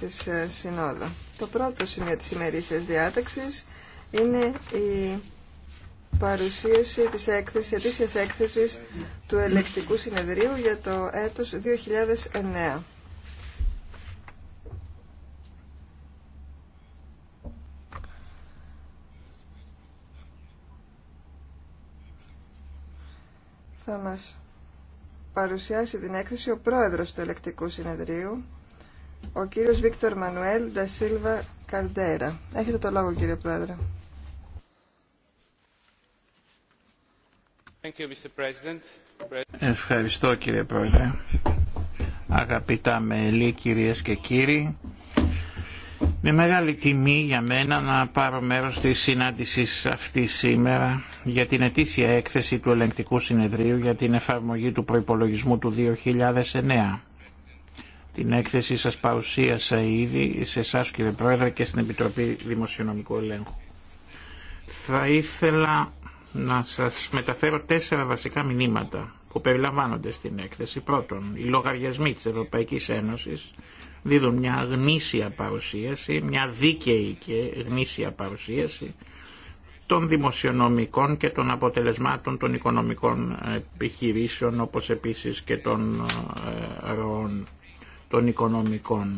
της ε, Συνόδου. Το πρώτο σημείο της ημερήσιας διάταξης είναι η παρουσίαση της έκθεσης, ετήσιας έκθεσης του Ελεκτικού Συνεδρίου για το έτος 2009. Θα μας παρουσιάσει την έκθεση ο πρόεδρος του Ελεκτικού Συνεδρίου, ο κύριος Βίκτορ Μανουέλ Ντασίλβα Καλτέρα. Έχετε το λόγο κύριε Πρόεδρε. Ευχαριστώ κύριε Πρόεδρε. Αγαπητά μελή, κυρίες και κύριοι, με μεγάλη τιμή για μένα να πάρω μέρος της συνάντησης αυτή σήμερα για την ετήσια έκθεση του Ελεγκτικού Συνεδρίου για την εφαρμογή του προϋπολογισμού του 2009. Την έκθεση σας παρουσίασα ήδη σε εσά κύριε Πρόεδρε και στην Επιτροπή Δημοσιονομικού Ελέγχου. Θα ήθελα να σας μεταφέρω τέσσερα βασικά μηνύματα που περιλαμβάνονται στην έκθεση. Πρώτον, οι λογαριασμοί της Ευρωπαϊκής Ένωσης δίδουν μια γνήσια παρουσίαση, μια δίκαιη και γνήσια παρουσίαση των δημοσιονομικών και των αποτελεσμάτων των οικονομικών επιχειρήσεων όπως επίσης και των ε, ροών των οικονομικών.